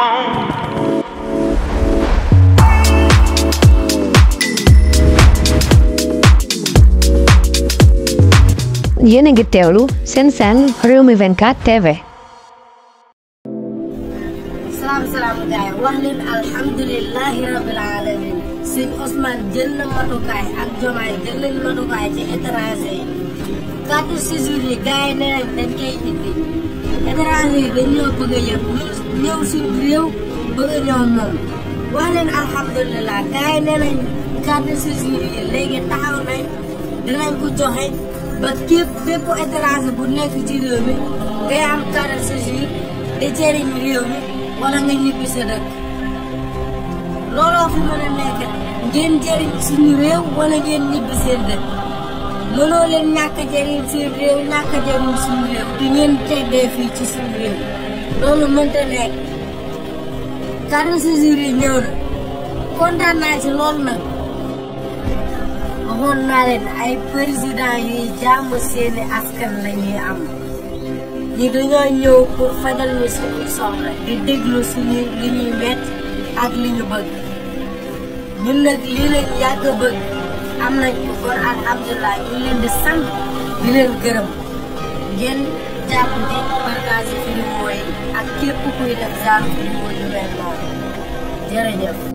yéen a ngi sen sen rio mi venka TV. Salam salam gay wahlin leen alhamdulilahi rabil alamin sëñ Ousmane jël na ak jomaay jël matukai matukaay ci étranger 14 juillet gars yi nee dañ koy indi étranger yi dañoo a yëg suñu réew bëgg a ñëw moom wax leen alhamdulilah gars yi nee nañ 14 juillet léegi taxaw nañ dinañ ko joxe ba képp bépp étranger bu nekk ci réew mi ngay am carte de réew mi nga ñibbi sa dëkk looloo fi mën a nekk ngeen jëriñ suñu réew wala ngeen ñibbi seen dëkk mënoo leen ñàkk a jëriñ seen ñàkk a suñu réew di ngeen teddee fii ci suñu réew loolu mënta nekk carrefour yi ñëw na kontaan naa loolu nag waxoon leen ay président yuy jaamu seeni askan la am ñi dañoo ñëw pour fajal ñu suñu soxla di déglu suñu li ñuy metti ak li ñu bëgg ñun nag lii lañ yàgg bëgg am nañu kon alhamdulilah ñu leen di sant di leen gërëm ngeen jàpp di partage film ak képp kuy def genre film yu mel noonu